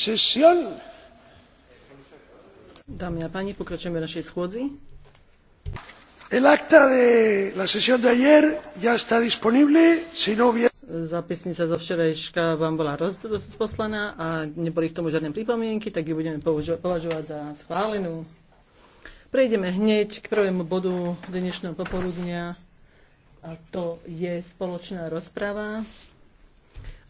sesión. Dámy a páni, pokračujeme našej schôdzi. El acta de la sesión de ayer ya está disponible. Si no hubiera... Zápisnica zo včerajška vám bola rozposlaná a neboli k tomu žiadne pripomienky, tak ju budeme považovať za schválenú. Prejdeme hneď k prvému bodu dnešného popoludnia a to je spoločná rozprava